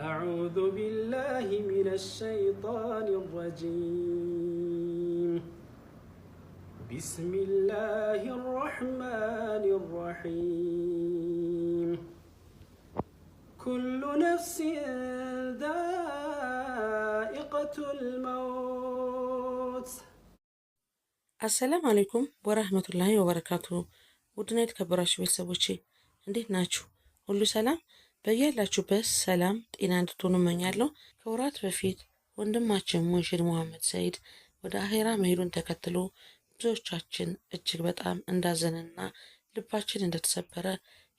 أعوذ بالله من الشيطان الرجيم بسم الله الرحمن الرحيم كل نفس دائقة الموت السلام عليكم ورحمة الله وبركاته ودنا يتكبرش بيسبوشي عندي ناتشو ሁሉ سلام በያላችሁበት ሰላም ጤና እንድትሆኑ እመኛለሁ። ከወራት በፊት ወንድማችን ሙንሽድ ሙሐመድ ሰይድ ወደ አሄራ መሄዱን ተከትሎ ብዙዎቻችን እጅግ በጣም እንዳዘንና ልባችን እንደተሰበረ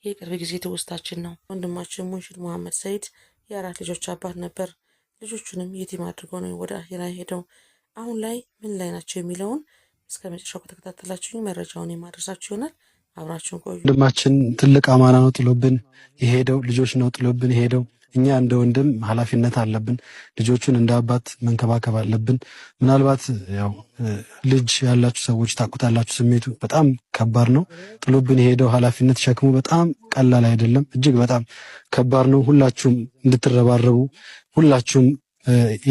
የቅርብ ጊዜ ትውስታችን ነው። ወንድማችን ሙንሽድ ሙሐመድ ሰይድ የአራት ልጆች አባት ነበር። ልጆቹንም የቲም አድርጎ ነው ወደ አሄራ ሄደው። አሁን ላይ ምን ላይ ናቸው የሚለውን እስከ መጨረሻው ከተከታተላችሁኝ መረጃውን የማድረሳችሁ ይሆናል። አብራችሁን ቆዩ። ወንድማችን ትልቅ አማና ነው ጥሎብን የሄደው፣ ልጆች ነው ጥሎብን የሄደው። እኛ እንደ ወንድም ኃላፊነት አለብን። ልጆቹን እንደ አባት መንከባከብ አለብን። ምናልባት ያው ልጅ ያላችሁ ሰዎች ታውቁታላችሁ። ስሜቱ በጣም ከባድ ነው። ጥሎብን የሄደው ኃላፊነት ሸክሙ በጣም ቀላል አይደለም። እጅግ በጣም ከባድ ነው። ሁላችሁም እንድትረባረቡ፣ ሁላችሁም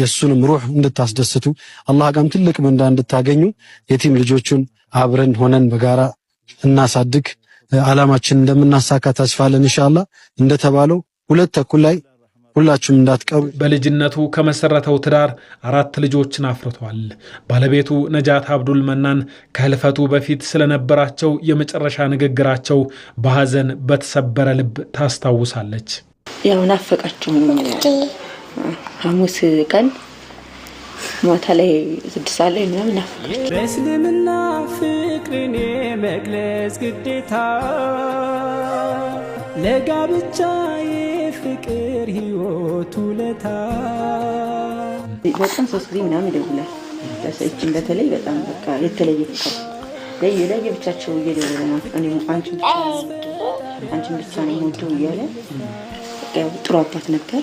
የእሱንም ሩህ እንድታስደስቱ፣ አላህ ጋም ትልቅ ምንዳ እንድታገኙ የቲም ልጆቹን አብረን ሆነን በጋራ እናሳድግ፣ አላማችን እንደምናሳካ ተስፋለን። ኢንሻአላህ እንደተባለው ሁለት ተኩል ላይ ሁላችሁም እንዳትቀሩ። በልጅነቱ ከመሰረተው ትዳር አራት ልጆችን አፍርቷል። ባለቤቱ ነጃት አብዱል መናን ከህልፈቱ በፊት ስለነበራቸው የመጨረሻ ንግግራቸው በሐዘን በተሰበረ ልብ ታስታውሳለች። ያው ናፈቃችሁ ሐሙስ ቀን ማታ ላይ ስድስት ሰዓት ላይ ምናምን ናፍቃል። በእስልምና ፍቅርን የመግለጽ ግዴታ ለጋብቻ የፍቅር ህይወት ውለታ በጣም ሶስት ጊዜ ምናምን ይደውላል። ለሰዎችን በተለይ በጣም በቃ የተለየ ፍቅር ለየለየ ብቻቸው እየደወለ ነው አንቺን ብቻ ነው እያለ ጥሩ አባት ነበር።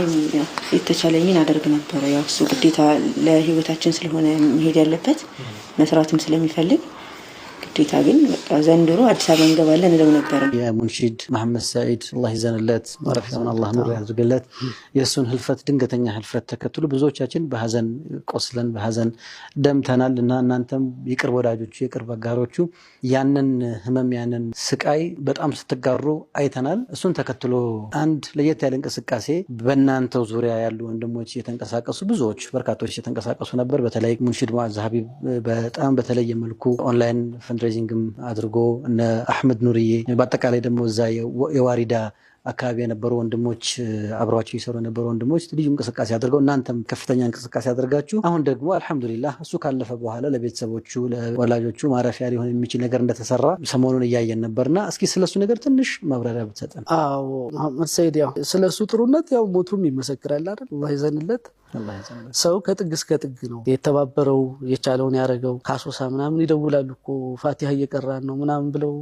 እኔም የተቻለኝን አደርግ ነበረ። ያው እሱ ግዴታ ለህይወታችን ስለሆነ መሄድ ያለበት መስራትም ስለሚፈልግ ግዴታ ግን በቃ ዘንድሮ አዲስ አበባ እንገባለን እለው ነበር። የሙንሺድ መሐመድ ሰዒድ አላህ ይዘንለት ማረፊያውን አላህ ኑር ያድርግለት። የእሱን ህልፈት ድንገተኛ ህልፈት ተከትሎ ብዙዎቻችን በሀዘን ቆስለን በሀዘን ደምተናል እና እናንተም የቅርብ ወዳጆቹ የቅርብ አጋሮቹ ያንን ህመም ያንን ስቃይ በጣም ስትጋሩ አይተናል። እሱን ተከትሎ አንድ ለየት ያለ እንቅስቃሴ በእናንተው ዙሪያ ያሉ ወንድሞች የተንቀሳቀሱ ብዙዎች በርካቶች የተንቀሳቀሱ ነበር። በተለይ ሙንሺድ ሙዓዝ ሀቢብ በጣም በተለየ መልኩ ኦንላይን ፈንድሬዚንግም አድርጎ እነ አሕመድ ኑርዬ በአጠቃላይ ደግሞ እዛ የዋሪዳ አካባቢ የነበሩ ወንድሞች አብረቸው የሰሩ የነበሩ ወንድሞች ልዩ እንቅስቃሴ አድርገው እናንተም ከፍተኛ እንቅስቃሴ አድርጋችሁ አሁን ደግሞ አልሐምዱሊላህ እሱ ካለፈ በኋላ ለቤተሰቦቹ ለወላጆቹ ማረፊያ ሊሆን የሚችል ነገር እንደተሰራ ሰሞኑን እያየን ነበርና እስኪ ስለሱ ነገር ትንሽ ማብራሪያ ብትሰጠን። አዎ መሐመድ ሰይድ ያው ስለሱ ጥሩነት ያው ሞቱም ይመሰክራል አይደል? አላህ ይዘንለት። ሰው ከጥግ እስከ ጥግ ነው የተባበረው የቻለውን ያደረገው። ካሶሳ ምናምን ይደውላሉ እኮ ፋቲሃ እየቀራን ነው ምናምን ብለው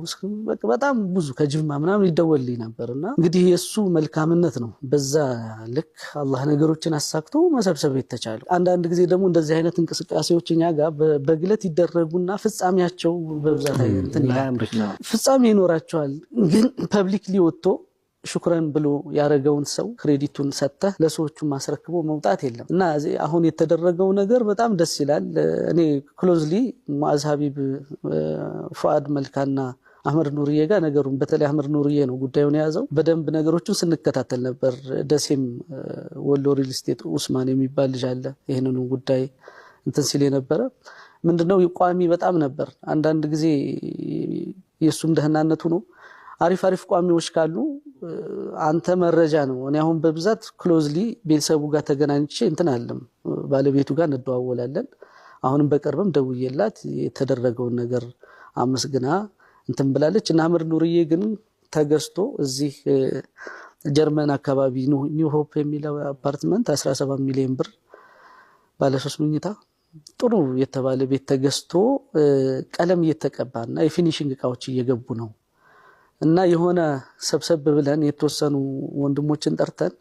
በጣም ብዙ ከጅማ ምናምን ይደወልልኝ ነበር። እና እንግዲህ የእሱ መልካምነት ነው በዛ ልክ አላህ ነገሮችን አሳክቶ መሰብሰብ የተቻለው። አንዳንድ ጊዜ ደግሞ እንደዚህ አይነት እንቅስቃሴዎች እኛ ጋር በግለት ይደረጉና ፍጻሜያቸው በብዛት ፍጻሜ ይኖራቸዋል ግን ፐብሊክሊ ወጥቶ ሽኩረን ብሎ ያደረገውን ሰው ክሬዲቱን ሰጥተህ ለሰዎቹ ማስረክቦ መውጣት የለም እና አሁን የተደረገው ነገር በጣም ደስ ይላል። እኔ ክሎዝሊ ሙአዝ ሀቢብ፣ ፉአድ መልካና አህመድ ኑርዬ ጋር ነገሩን በተለይ አህመድ ኑርዬ ነው ጉዳዩን የያዘው። በደንብ ነገሮችን ስንከታተል ነበር። ደሴም ወሎ ሪል ስቴት ኡስማን የሚባል ልጅ አለ ይህንኑ ጉዳይ እንትን ሲል የነበረ ምንድነው ቋሚ በጣም ነበር። አንዳንድ ጊዜ የእሱም ደህናነቱ ነው አሪፍ አሪፍ ቋሚዎች ካሉ አንተ መረጃ ነው። እኔ አሁን በብዛት ክሎዝሊ ቤተሰቡ ጋር ተገናኝቼ እንትን አለም ባለቤቱ ጋር እንደዋወላለን። አሁንም በቅርብም ደውዬላት የተደረገውን ነገር አመስግና እንትን ብላለች። እና አምር ኑርዬ ግን ተገዝቶ እዚህ ጀርመን አካባቢ ኒው ሆፕ የሚለው አፓርትመንት 17 ሚሊዮን ብር ባለሶስት መኝታ ጥሩ የተባለ ቤት ተገዝቶ ቀለም እየተቀባ እና የፊኒሽንግ እቃዎች እየገቡ ነው። እና የሆነ ሰብሰብ ብለን የተወሰኑ ወንድሞችን ጠርተን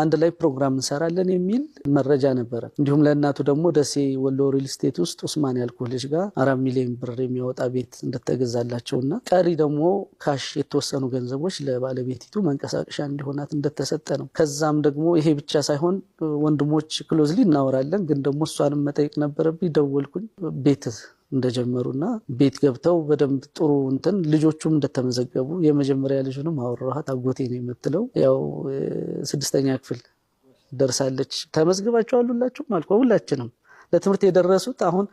አንድ ላይ ፕሮግራም እንሰራለን የሚል መረጃ ነበረ። እንዲሁም ለእናቱ ደግሞ ደሴ ወሎ ሪል ስቴት ውስጥ ኡስማንያ ኮሌጅ ጋር አራት ሚሊዮን ብር የሚያወጣ ቤት እንደተገዛላቸው እና ቀሪ ደግሞ ካሽ የተወሰኑ ገንዘቦች ለባለቤቲቱ መንቀሳቀሻ እንዲሆናት እንደተሰጠ ነው። ከዛም ደግሞ ይሄ ብቻ ሳይሆን ወንድሞች ክሎዝሊ እናወራለን፣ ግን ደግሞ እሷንም መጠየቅ ነበረብኝ። ደወልኩኝ ቤት እንደጀመሩና ቤት ገብተው በደንብ ጥሩ እንትን ልጆቹም እንደተመዘገቡ የመጀመሪያ ልጁንም አወራኋት። አጎቴ ነው የምትለው ያው ስድስተኛ ክፍል ደርሳለች። ተመዝግባችኋል ሁላችሁም አልኳ። ሁላችንም ለትምህርት የደረሱት አሁን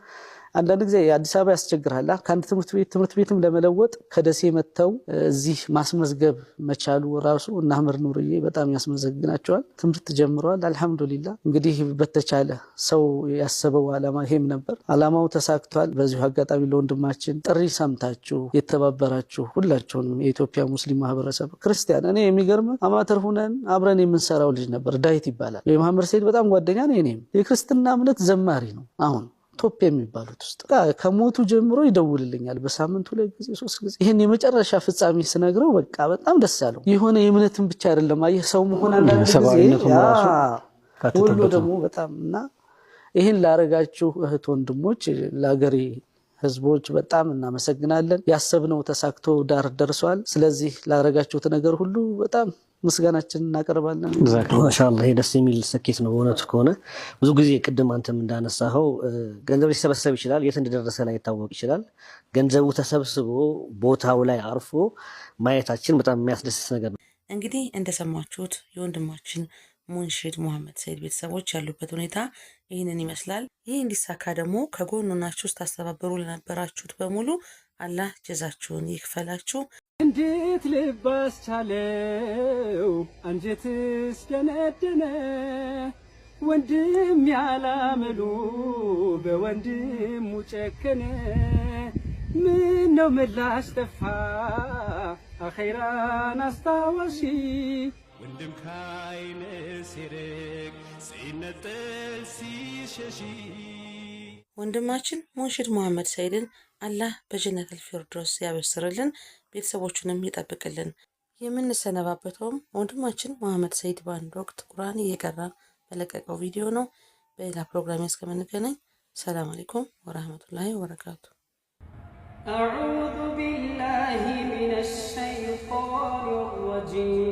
አንዳንድ ጊዜ አዲስ አበባ ያስቸግራል። ከአንድ ትምህርት ቤት ትምህርት ቤትም ለመለወጥ ከደሴ መጥተው እዚህ ማስመዝገብ መቻሉ ራሱ እና ኑርዬ በጣም ያስመዘግናቸዋል። ትምህርት ጀምረዋል። አልሐምዱሊላ እንግዲህ በተቻለ ሰው ያሰበው አላማ ይሄም ነበር። አላማው ተሳክቷል። በዚሁ አጋጣሚ ለወንድማችን ጥሪ ሰምታችሁ የተባበራችሁ ሁላችሁንም የኢትዮጵያ ሙስሊም ማህበረሰብ ክርስቲያን፣ እኔ የሚገርም አማተር ሁነን አብረን የምንሰራው ልጅ ነበር። ዳዊት ይባላል። የመሐመድ ሰይድ በጣም ጓደኛ ነው። እኔም የክርስትና እምነት ዘማሪ ነው አሁን ቶፕ የሚባሉት ውስጥ ከሞቱ ጀምሮ ይደውልልኛል። በሳምንት ሁለት ጊዜ ሶስት ጊዜ። ይህን የመጨረሻ ፍጻሜ ስነግረው በቃ በጣም ደስ ያለው የሆነ የእምነትን ብቻ አይደለም አየህ ሰው መሆን አንዳንድ ጊዜ ወሎ ደግሞ በጣም እና ይህን ላረጋችሁ እህት ወንድሞች፣ ለሀገሬ ህዝቦች በጣም እናመሰግናለን። ያሰብነው ተሳክቶ ዳር ደርሷል። ስለዚህ ላደረጋችሁት ነገር ሁሉ በጣም ምስጋናችን እናቀርባለን። ማሻላ ደስ የሚል ስኬት ነው። በእውነቱ ከሆነ ብዙ ጊዜ ቅድም አንተም እንዳነሳኸው ገንዘብ ሊሰበሰብ ይችላል፣ የት እንደደረሰ ላይ ይታወቅ ይችላል። ገንዘቡ ተሰብስቦ ቦታው ላይ አርፎ ማየታችን በጣም የሚያስደስት ነገር ነው። እንግዲህ እንደሰማችሁት የወንድማችን ሙንሽድ ሙሐመድ ሰይድ ቤተሰቦች ያሉበት ሁኔታ ይህንን ይመስላል። ይህ እንዲሳካ ደግሞ ከጎኑ ናችሁ ስታስተባበሩ ለነበራችሁት በሙሉ አላህ ጀዛችሁን ይክፈላችሁ። እንዴት ልብ አስቻለው አንጀትስ ደነደነ ወንድም ያላመሉ በወንድሙ ጨከነ። ምን ነው ምላሽ ጠፋ አኼራን አስታዋሺ ወንድም ካይነ ሲርቅ ሲነጠል ሲሸሺ ወንድማችን ሙንሽድ መሐመድ ሰይድን አላህ በጀነተል ፊርዶስ ያበስርልን፣ ቤተሰቦቹንም ይጠብቅልን። የምንሰነባበተውም ወንድማችን መሐመድ ሰይድ በአንድ ወቅት ቁርአን እየቀራ በለቀቀው ቪዲዮ ነው። በሌላ ፕሮግራም እስከምንገናኝ ሰላም አለይኩም ወራህመቱላሂ ወበረካቱ። አዑዙ ቢላሂ ሚነሽ ሸይጣኒ ረጂም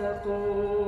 تتقون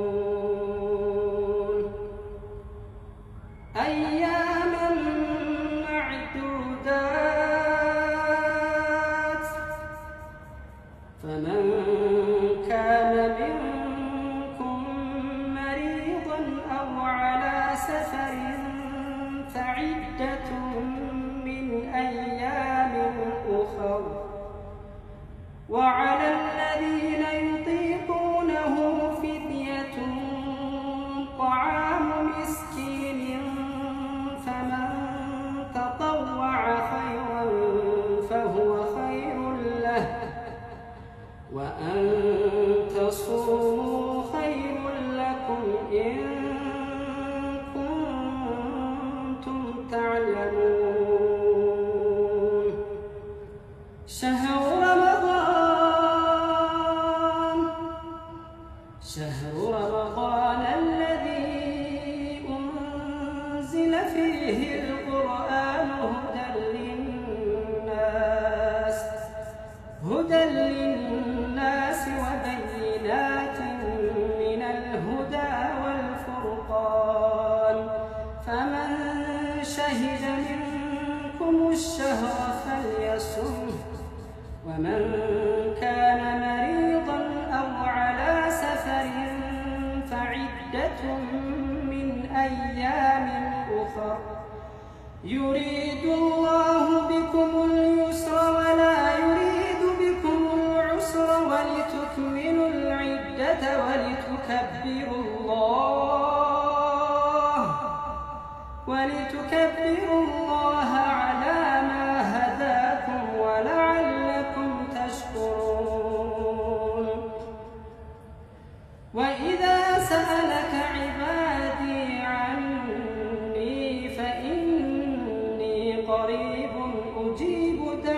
قريب أجيب دعوة